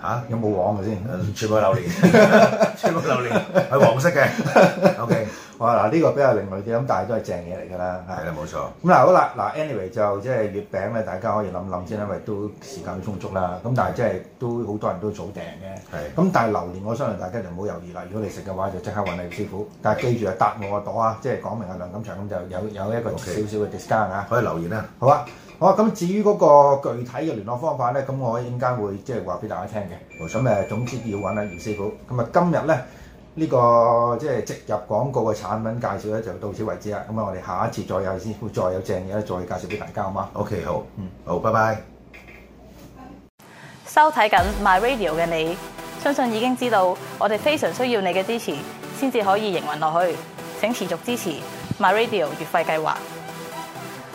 嚇，有冇黃嘅先？全部係榴蓮，全部榴蓮係黃色嘅。OK，我話嗱呢個比較另類啲，咁但係都係正嘢嚟㗎啦。係啦，冇錯。咁嗱好啦，嗱 anyway 就即係月餅咧，大家可以諗諗先，因為都時間都充足啦。咁但係即係都好多人都早訂嘅。係。咁但係榴蓮，我相信大家就唔好猶豫啦。如果你食嘅話，就即刻揾你師傅。但係記住啊，搭我個朵啊，即係講明阿梁錦祥咁就有有一個少少嘅 discount 啊，可以留言啊，好啊。好，咁至於嗰個具體嘅聯絡方法咧，咁我一陣間會即係話俾大家聽嘅。咁誒，總之要揾阿姚師傅。咁啊，今日咧呢個即係植入廣告嘅產品介紹咧，就到此為止啦。咁啊，我哋下一次再有先，會再有正嘢再介紹俾大家，好嗎？OK，好，嗯，好，拜拜。收睇緊 My Radio 嘅你，相信已經知道我哋非常需要你嘅支持先至可以營運落去。請持續支持 My Radio 月費計劃。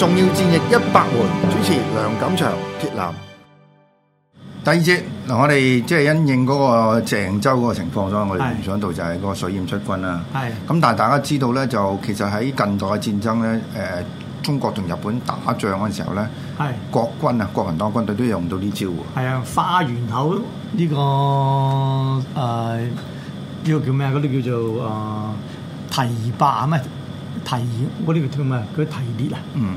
重要戰役一百回，主持梁錦祥、鐵男。第二節嗱，我哋即係因應嗰個鄭州嗰個情況，所以我哋聯想到就係嗰個水淹七軍啦。係咁是，但係大家知道咧，就其實喺近代嘅戰爭咧，誒、呃，中國同日本打仗嗰陣時候咧，係是國軍啊，國民黨軍隊都用唔到呢招㗎。係啊，花園口呢個誒，呢、呃這個叫咩啊？嗰啲叫做誒堤壩咩？堤我呢個叫咩？佢提，提，提，提，提裂啊？嗯。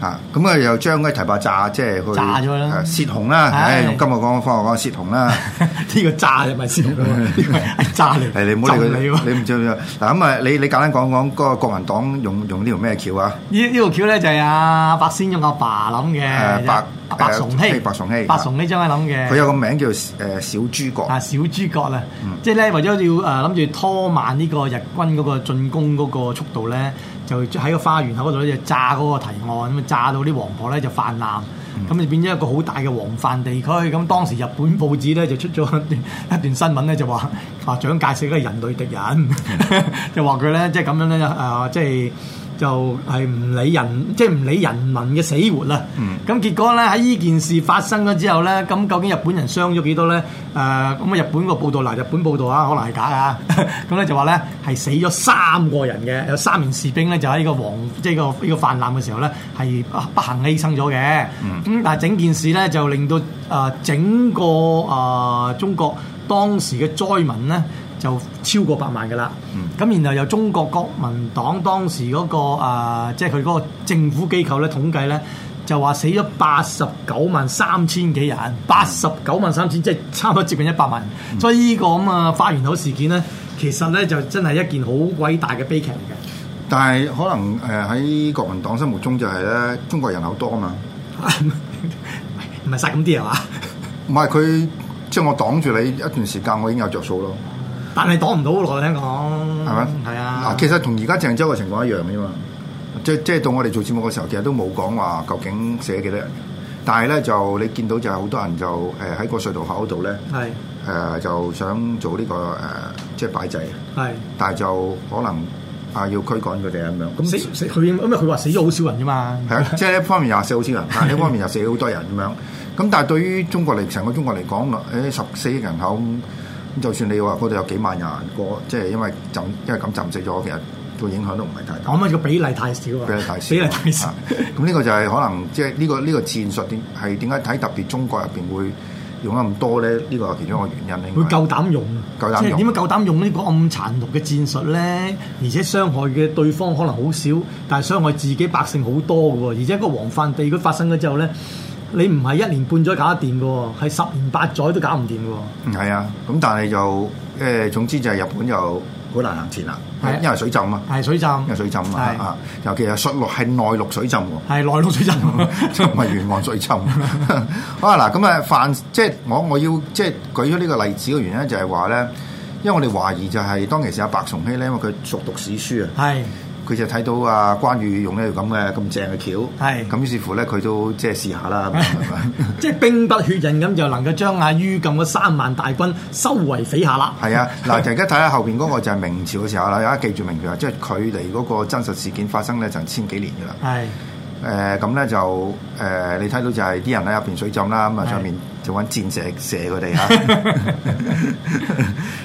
啊，咁啊又將嗰啲堤壩炸，即係佢炸咗啦，泄洪啦，唉，用今日講嘅方法講泄洪啦。呢個炸又咪泄洪啊？炸嚟，你唔好理佢，你唔知唔知。嗱咁啊，你你簡單講講嗰個國民黨用用呢條咩橋啊？呢呢條橋咧就係阿白先勇阿爸諗嘅，白白崇禧，白崇禧，白崇禧張嘅諗嘅。佢有個名叫做小諸葛啊，啊，小諸葛啦，即係咧為咗要誒諗住拖慢呢個日軍嗰個進攻嗰個速度咧，就喺個花園口嗰度咧就炸嗰個堤壩炸到啲黃河咧就泛濫，咁就變咗一個好大嘅黃泛地區。咁當時日本報紙咧就出咗一,一段新聞咧，就話話蔣介石一個人類敵人， 就話佢咧即係咁樣咧誒，即、呃、係。就是就係唔理人，即係唔理人民嘅死活啦。咁、嗯、結果咧喺呢件事發生咗之後咧，咁究竟日本人傷咗幾多咧？誒咁啊日本個報道，嗱日本報道啊，可能係假啊。咁 咧、嗯、就話咧係死咗三個人嘅，有三名士兵咧就喺呢個黃，即、就、係、係呢個呢、這個泛濫嘅時候咧係不幸犧牲咗嘅。咁、嗯嗯、但係整件事咧就令到誒、呃、整個誒、呃、中國當時嘅災民咧。就超過百萬嘅啦，咁、嗯、然後由中國國民黨當時嗰、嗰個即係佢嗰個政府機構咧統計咧，就話死咗八十九萬三千幾人，八十九萬三千即係差唔多接近一百萬，嗯、所以呢、這個咁啊花園口事件咧，其實咧就真係一件好偉大嘅悲劇嚟嘅。但係可能誒喺、呃、國民黨心目中就係咧，中國人口多啊嘛，唔係殺咁啲係嘛？唔係佢即係我擋住你一段時間，我已經有着數咯。但係擋唔到好耐，聽講。係嘛？係啊。嗱，其實同而家鄭州嘅情況一樣啫嘛。即即到我哋做節目嘅時候，其實都冇講話究竟死咗幾多人。但係咧就你見到就係好多人就誒喺個隧道口度咧，係誒就想做呢個誒即擺祭。係。但係就可能啊要驅趕佢哋咁樣。咁死佢，因為佢話死咗好少人啫嘛。係啊，即一方面又話死好少人，但係一方面又死好多人咁樣。咁但係對於中國嚟成個中國嚟講，誒十四億人口。就算你話嗰度有幾萬人過，即係因為浸因為咁浸死咗，其實個影響都唔係太大。我覺得個比例太少，比例太少，比例太少。比例太少。咁呢個就係可能即係、這、呢個呢、呢個戰術點係點解睇特別中國入邊會用得咁多咧？呢、呢個係其中一個原因嚟。佢、嗯、夠膽用，夠膽用。點解夠膽用呢個咁殘毒嘅戰術咧？而且傷害嘅對方可能好少，但係傷害自己百姓好多嘅喎。而且個黃泛地佢發生咗之後咧。你唔係一年半載搞得掂嘅，係十年八載都搞唔掂嘅。嗯，係啊。咁但係就，誒，總之就係日本就好難行前啦。係、啊，因為，因為水浸啊。係水浸。因為水浸啊。啊。尤其係雪落係內陸水浸喎。係內陸水浸，唔係沿岸水浸。啊嗱，咁啊，范， 即係我我要即係舉咗呢個例子嘅原因就係話咧，因為我哋懷疑就係當其時阿白崇禧咧，因為佢熟讀史書啊。係。 佢就睇到啊，關羽用呢條咁嘅咁正嘅橋，咁是於是乎咧，佢都即係試下啦。即係 兵不血刃咁，就能夠將阿于禁嗰三萬大軍收為麾下啦。係 啊，嗱，大家睇下後邊嗰個就係明朝嘅時候啦。而家記住明朝，即係距離嗰個真實事件發生咧，就是、千幾年噶啦。係。誒咁咧就誒、呃、你睇到就係啲人喺入邊水浸啦，咁啊是上面就揾箭射射佢哋嚇。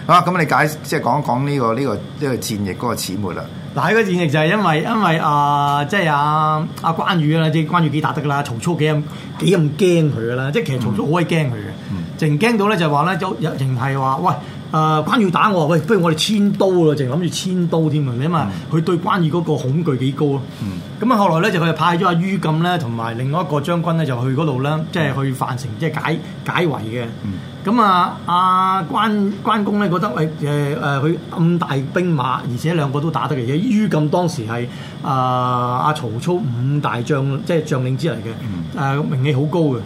啊， 咁啊你解即係、就是、講一講呢、這個呢、這個即係、這個、戰役嗰個始末啦。嗱呢個戰役就係因為因為、呃就是、啊即係阿阿關羽啦，即係關羽幾打得啦，曹操幾咁幾咁驚佢噶啦，即係其實曹操好鬼驚佢嘅，淨驚、嗯、到咧就話咧有有仍係話喂。誒、呃、關羽打我，喂，不如我哋遷都咯，淨係諗住遷都添啊！你啊嘛，佢、嗯、對關羽嗰個恐懼幾高咯？咁啊，嗯、後來咧就佢就派咗阿于禁咧，同埋另外一個將軍咧就去嗰度咧，即、就、係、是、去樊城即係、就是、解解圍嘅。咁、嗯、啊，阿、啊、關關公咧覺得誒誒誒，佢、呃、咁大兵馬，而且兩個都打得嚟嘅。於禁當時係啊阿曹操五大將即係、就是、將領之嚟嘅，誒、嗯呃、名氣好高嘅。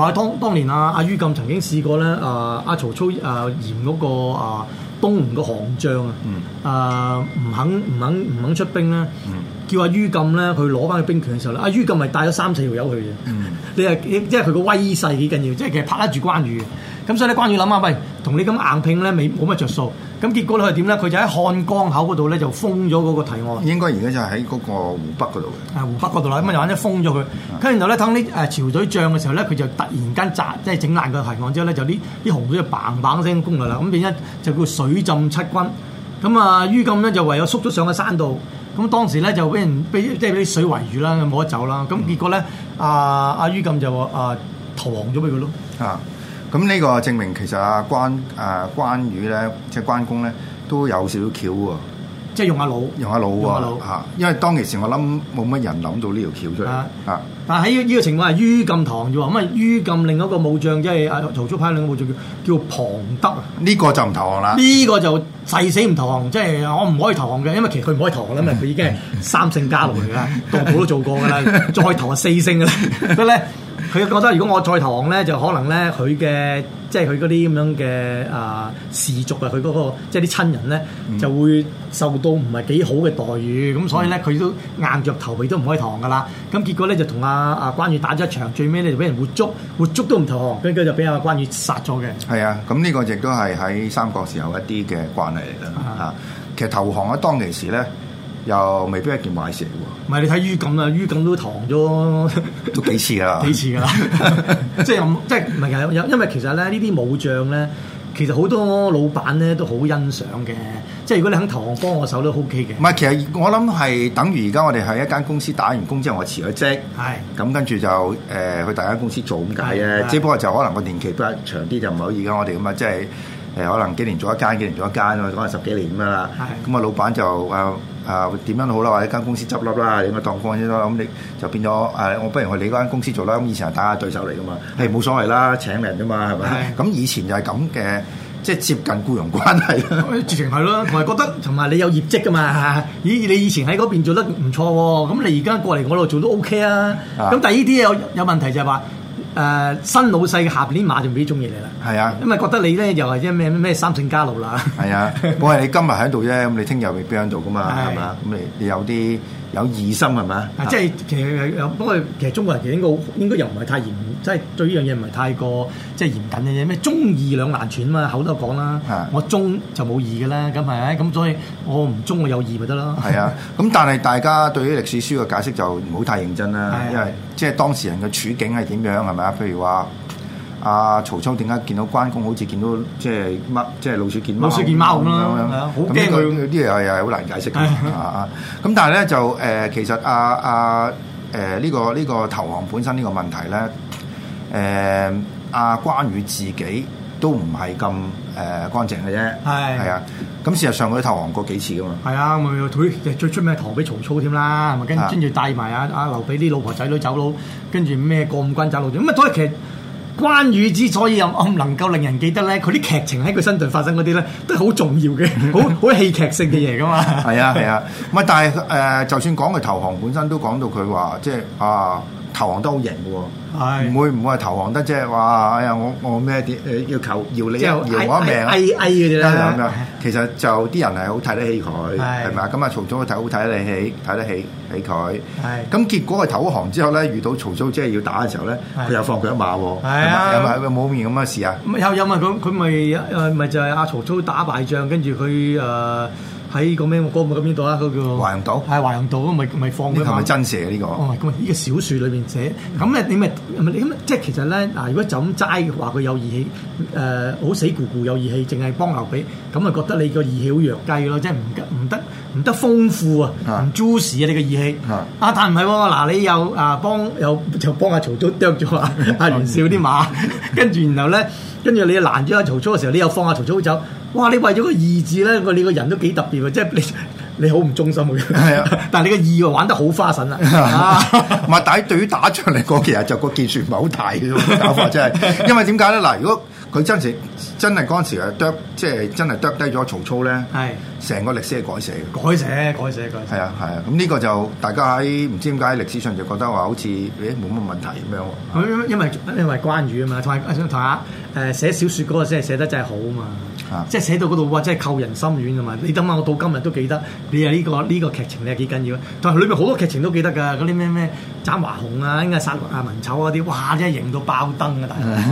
話當當年啊，阿于禁曾經試過咧、啊，啊阿曹操啊，嫌嗰個啊東吳個行將啊，誒唔、嗯啊、肯唔肯唔肯出兵咧，嗯、叫阿、啊、于禁咧去攞翻個兵權嘅時候咧，阿、啊、于禁咪帶咗三四條友去嘅、嗯，你係即係佢個威勢幾緊要，即係其實拍得住關羽咁，所以咧關羽諗下：「喂，同你咁硬拼咧，未冇乜着數。咁結果咧係點咧？佢就喺漢江口嗰度咧就封咗嗰個堤岸。應該而家就喺嗰個湖北嗰度嘅。係、啊、湖北嗰度啦，咁啊就反正封咗佢。跟住、嗯、然後咧，等啲誒潮水漲嘅時候咧，佢就突然間閂，即係整爛個堤岸之後咧，就啲啲洪水就砰砰聲攻嚟啦。咁變一，就叫水浸七軍。咁啊，于禁咧就唯有縮咗上個山度。咁當時咧就俾人俾即係俾水圍住啦，冇得走啦。咁結果咧，阿阿于禁就話，啊投降咗俾佢咯。啊！啊咁呢個證明其實啊關啊、呃、關羽咧，即係關公咧，都有少少橋喎，即係用下腦，用下腦喎、啊，嚇、啊！因為當其時我諗冇乜人諗到呢條橋出嚟，嚇、啊。啊。但喺呢個情況係於禁投降，咁啊於禁另一個武將即係啊曹操派兩個武將叫叫龐德啊，呢個就唔投降啦，呢個就誓死唔投降，即係我唔可以投降嘅，因為其實佢唔可以投降啦嘛，佢已經係三姓家奴嚟啦，當鋪都做過噶啦，再投係四姓噶啦，咁咧佢覺得如果我再投降咧，就可能咧佢嘅即係佢嗰啲咁樣嘅啊氏族啊，佢嗰、嗰個即係啲親人咧就會受到唔係幾好嘅待遇，咁、嗯、所以咧佢都硬着頭皮都唔可以投降噶啦，咁結果咧就同阿……啊！啊！關羽打咗一場，最尾你就俾人活捉，活捉都唔投降，跟佢就俾阿關羽殺咗嘅。係啊，咁呢個亦都係喺三國時候一啲嘅慣例嚟啦。啊、啊，其實投降喺當其時咧，又未必係件壞事嚟嘅。唔係，你睇于禁啊，于禁都降咗，都幾次啦， 幾次噶了啦 即係咁，即係唔係有有，因為其實咧呢啲武將咧。其實好多老闆咧都好欣賞嘅，即係如果你肯投降幫我手都 O K 嘅。唔係，其實我諗係等於而家我哋喺一間公司打完工之後，我辭咗職。係的。咁跟住就誒、呃、去第二間公司做咁解。係啊，的只不過就可能個年期比較長啲，就唔係好似而家我哋咁啊，即係誒可能幾年做一間，幾年做一間啊，可能十幾年咁樣啦。係的。咁啊、嗯，老闆就誒。呃啊，點樣好啦？或者間公司執笠啦，喺個檔方先啦。咁、嗯、你就變咗啊！我不如去你嗰間公司做啦。咁、嗯、以前係打下對手嚟噶嘛，係、哎、冇所謂啦，請人啫嘛，係咪？咁是的、嗯、以前就係咁嘅，即係接近僱傭關係咯。直情係咯，同埋覺得同埋你有業績噶嘛。咦，你以前喺嗰邊做得唔錯喎，咁你而家過嚟我度做都 OK 啊。咁第二啲嘢有問題就係、是、話。誒、呃、新老細嘅下年嘛就未必中意你啦，係啊，因為覺得你咧又係即咩咩三姓家奴啦，係啊， 我係你今日喺度啫，咁你聽日未必喺度噶嘛，係嘛、啊，咁你，你有啲有疑心係咪即係其實不過其,其實中國人其實應該又唔係太嚴，即、就、係、是、對呢樣嘢唔係太過即係、就是、嚴謹嘅嘢，咩忠義兩難全嘛，口都講啦，啊、我忠就冇義噶啦，咁係咪？咁所以我唔忠我有義咪得咯，係 啊，咁但係大家對於歷史書嘅解釋就唔好太認真啦、 啊，因為。即係當事人嘅處境係點樣係咪啊？譬如話阿、啊、曹操點解見到關公好似見到即係乜即係老鼠見貓老鼠見貓咁啦，好驚佢。呢啲又係好難解釋嘅。咁、 啊、但係咧就誒、呃、其實阿阿誒呢個呢、這個這個投降本身呢個問題咧誒阿關羽自己。都唔係咁誒乾淨嘅啫，係啊的，咁事實上佢投降過幾次噶嘛，係啊，咪佢最出名投降俾曹操添啦，係咪跟住帶埋啊，阿劉備啲老婆仔女走佬，跟住咩過五關走佬。咁啊，所以其實關羽之所以又能夠令人記得咧，佢啲劇情喺佢身度發生嗰啲咧，都係好重要嘅，好好 戲劇性嘅嘢噶嘛，係啊係啊，唔係但係誒、呃，就算講佢投降本身都講到佢話，即係啊。投降都好型嘅喎，唔會唔會話投降得啫是的，哇！哎呀，我我咩要求要你，即係有移要我命啊！威威、啊、吧其實就啲人係好睇得起佢，係咪啊？咁啊，曹操睇好睇得你起，睇得起，睇佢。咁結果佢投降之後咧，遇到曹操即係要打嘅時候咧，佢是的 又放佢一馬喎。係啊，有冇面咁嘅事啊？有有咪佢佢咪咪就係阿曹操打敗仗，跟住佢誒。呃喺個咩、那個邊度啊？嗰、那個華容道，係、嗯、華容道咁咪咪放呢個？呢咪真寫嘅呢個？哦，係咁，依個小説裏邊寫咁咧，你咪唔係即係其實咧，嗱，如果就咁齋話佢有義氣，誒、呃，好死糊糊有義氣，淨係幫劉備，咁啊覺得你個義氣弱雞咯，即係唔唔得唔得豐富啊，唔 juicy 啊，你個義氣啊，啊，但唔係喎，嗱，你又啊幫有就幫阿曹操啄咗啊，阿袁紹啲馬，跟住然後咧，跟住你攔咗阿曹操嘅時候，你又放阿曹操走。哇！你為咗個義字咧，我你個人都幾特別喎，即係你你好唔忠心嘅。係啊， 但係你個義又玩得好花神啦。 啊，但係 對於打仗嚟講，其實就個技術唔係好大嘅 打法，真係。因為點解咧？嗱，如果佢真，真時是真係嗰陣時係啄，即係真係啄低咗曹操咧。係。成個歷史係改寫嘅，改寫，改寫，改寫，改。係啊，係啊，咁呢、啊嗯這個就大家喺唔知點解喺歷史上就覺得話好似，咦、哎，冇乜問題咁樣喎。啊、因為因為關羽啊嘛，同埋想同下誒寫小説嗰個真係寫得真係好啊嘛，啊即係寫到嗰度哇，真係扣人心絃啊嘛！你等下我到今日都記得，你啊呢、這個呢、這個劇情你係幾緊要？但係裏面好多劇情都記得㗎，嗰啲咩咩斬華雄啊，應該係殺文醜啊啲，哇真係型到爆燈啊！大家，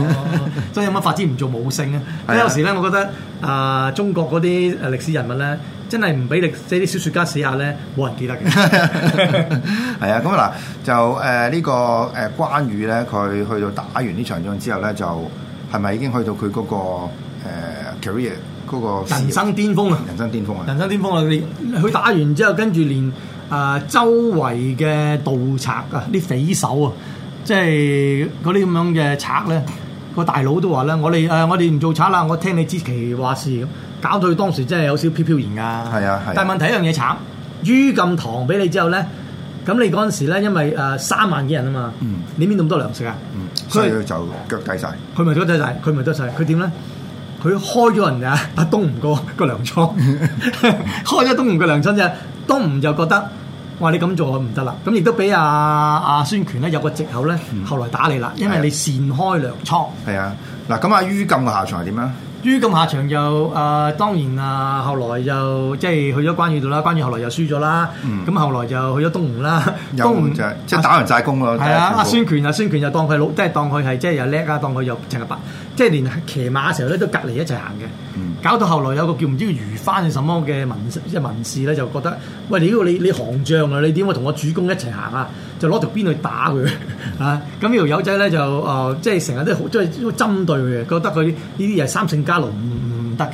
所以有乜發展唔做武聖咧？但有時咧，我覺得。啊！中國嗰啲誒歷史人物咧，真係唔俾歷即啲小説家寫下咧，冇人記得嘅。係啊，咁啊嗱，就誒呢個誒關羽咧，佢去到打完呢場仗之後咧，就係咪已經去到佢嗰個 career 嗰個人生巔峰啊？人生巔峰啊！人生巔峯啊！佢打完之後，跟住連啊周圍嘅盜賊啊、啲匪首啊，即係嗰啲咁樣嘅賊咧。個大佬都話咧，我哋誒、呃，我哋唔做賊啦，我聽你知其話事，搞到佢當時真係有少飄飄然噶、啊。係啊係。啊但係問題一樣嘢，慘于禁堂俾你之後咧，咁你嗰陣時咧，因為誒三、呃、萬幾人啊嘛，嗯、你邊咁多糧食啊？嗯、所以就腳底晒，佢咪腳底晒，佢咪得晒，佢點咧？佢開咗人咋？阿東吳過個糧倉，開咗東吳個糧倉啫，東吳 就覺得。話你咁做唔得啦，咁亦都俾阿阿孫權咧有個藉口，咧，嗯、後來打你啦，因為你擅開糧倉。係、嗯、啊，嗱，咁阿于禁嘅下場係點啊？于禁下場就啊、呃，當然啊，後來就即係去咗關羽度啦，關羽後來又輸咗啦，咁、嗯、後來就去咗東吳啦，有東吳吳就即係打完債工咯。係啊，阿孫權啊，孫權就當佢老，即、就、係、是、當佢係即係又叻啊，當佢又成日白，即係、就是、連騎馬嘅時候咧都隔籬一齊行嘅。嗯搞到後來有個叫唔知虞翻係什麼嘅文，即係文士咧，就覺得喂，你呢個你你行將啊，你點會同我主公一齊行啊？就攞條鞭去打佢啊！咁呢條友仔咧就誒、呃，即係成日都好中意針對佢嘅，覺得佢呢啲係三姓家奴唔唔得嘅。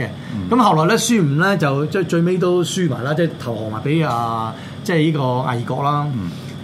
咁、嗯、後來咧，孫吳咧就即係最，最尾都輸埋啦，即係投降埋俾啊，即係呢個魏國啦。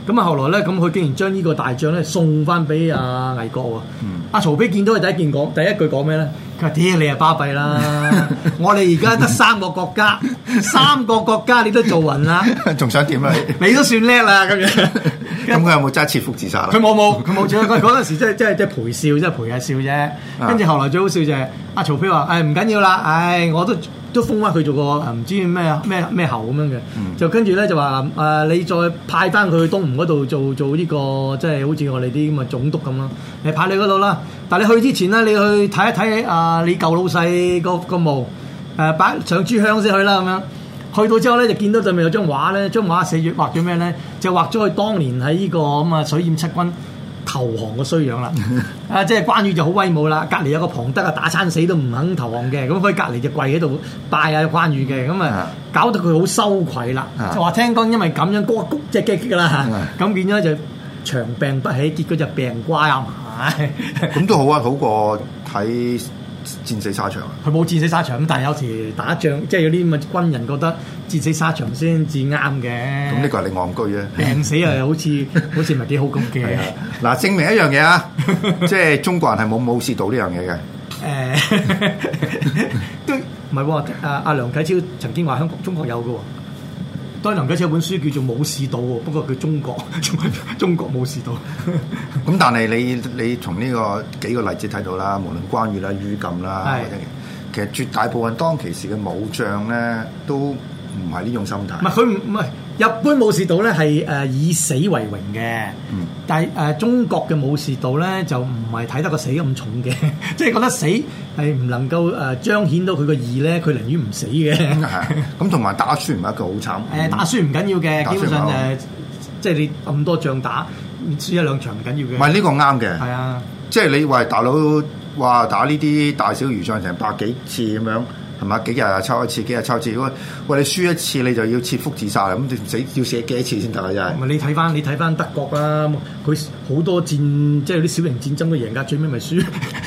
咁啊、嗯，後來咧咁佢竟然將呢個大將咧送翻俾啊魏國喎。阿、嗯啊、曹丕見到佢第一件講第一句講咩咧？佢點啊？Ee, 你又巴閉啦！ 我哋而家得三個國家， 三個國家你都做勻啦，仲 想點啊？ 你都算叻啦咁樣。咁佢 樣有冇揸切腹自殺？佢冇冇，佢冇切。佢嗰陣時即係即係即係陪笑，即係陪下笑啫。跟住後來最好笑就係、是、阿、啊、曹丕話：唉、哎，唔緊要啦，唉、哎，我都。都封翻佢做個唔知咩啊咩咩侯咁樣嘅、嗯，就跟住咧就話誒你再派翻佢去東吳嗰度做做呢、呢個即係好似我哋啲咁嘅總督咁咯，你派你嗰度啦。但係你去之前咧，你去睇一睇啊、呃、你舊老細個墓誒擺上珠香先去啦咁樣。去到之後咧就見到對面有張畫咧，張畫寫住畫咗咩咧？就畫咗佢當年喺呢、呢個咁啊、嗯、水淹七軍。投降嘅衰樣啦！啊， 即係關羽就好威武啦，隔離有個龐德啊，打親死都唔肯投降嘅，咁佢隔離就跪喺度拜下關羽嘅，咁啊搞到佢好羞愧啦，就話 聽講因為咁樣刮刮刮刮刮，谷一谷即係激激啦，咁變咗就長病不起，結果就病瓜啊，咁都好啊，好過睇。戰死沙場啊！佢冇戰死沙場，但係有時打仗，即、就、係、是、有啲咁嘅軍人覺得戰死沙場先至啱嘅。咁呢個係你戇居咧，病死又好似好似唔係幾好咁嘅。嗱，證明一樣嘢啊， 即係中國人係冇冇試到呢樣嘢嘅。誒、欸，都唔係，阿阿梁啟超曾經話香港中國有㗎。多林吉寫本書叫做《武士道》，不過佢中國， 中國武士道。咁 但係你你從呢個幾個例子睇到啦，無論關羽啦、于禁啦，其實絕大部分當其時嘅武將咧，都唔係呢種心態。唔係佢唔係。日本武士道咧係誒以死為榮嘅，但係誒中國嘅武士道咧就唔係睇得個死咁重嘅，即係覺得死係唔能夠誒彰顯到佢個義咧，佢寧願唔死嘅。咁同埋打輸唔係一個好慘。誒、嗯、打輸唔緊要嘅，要基本上誒即係你咁多仗打，輸一兩場唔緊要嘅。唔係呢個啱嘅。係啊的，即係你話大佬話打呢啲大小魚上成百幾次咁樣。係嘛？幾日抽一次？幾日抽一次？喂！喂！你輸一次你就要切腹自殺啦！咁你死要死幾次先得啊？又係咪？你睇翻你睇翻德國啦，佢好多戰即係啲小型戰爭都贏㗎，最尾咪輸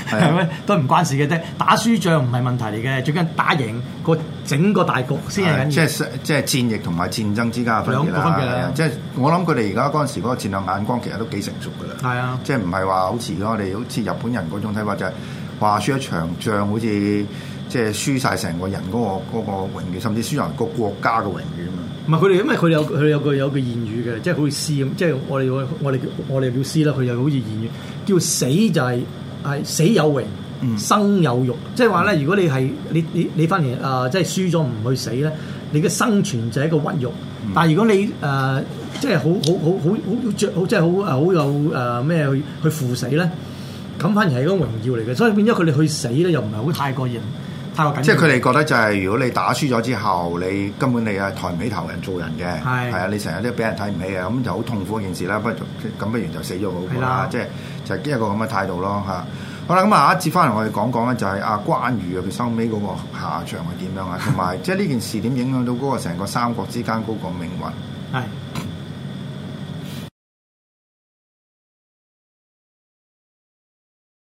係咪？啊、 都唔關事嘅啫，打輸仗唔係問題嚟嘅，最緊打贏個整個大局先係緊要，啊。即係即係戰役同埋戰爭之間嘅分別啦。即係我諗佢哋而家嗰陣時嗰個戰略眼光其實都幾成熟㗎啦。係啊，即係唔係話好遲咯？我哋好似日本人嗰種睇法就係、是、話輸一場仗好似。即係輸晒成個人嗰個嗰個榮譽，甚至輸曬個國家嘅榮譽啊嘛！唔係佢哋，因為佢有佢有個有句言語嘅，即係好似詩咁，即係我哋我我哋我哋叫詩啦。佢又好似言語，叫死就係、是、係死有榮，嗯、生有辱。即係話咧，如果你係你你你反而啊、呃，即係輸咗唔去死咧，你嘅生存就係一個屈辱。但係如果你誒即係好好好好好著，即係好啊好，好，好，好，好有誒咩、呃、去去赴死咧，咁反而係一個榮耀嚟嘅。所以變咗佢哋去死咧，又唔係好太過癮。即係佢哋覺得就係，如果你打輸咗之後，你根本你係抬唔起頭嚟做人嘅，係啊的，你成日都俾人睇唔起啊，咁就好痛苦一件事啦。不如咁，不如就，不如就死咗好過啦的、啊。即係就係一個咁嘅態度咯嚇、啊。好啦，咁啊下一節翻嚟我哋講講咧、就是，就係阿關羽啊，佢收尾嗰個下場係點樣啊？同埋 即係呢件事點影響到嗰個成個三國之間嗰個命運。係。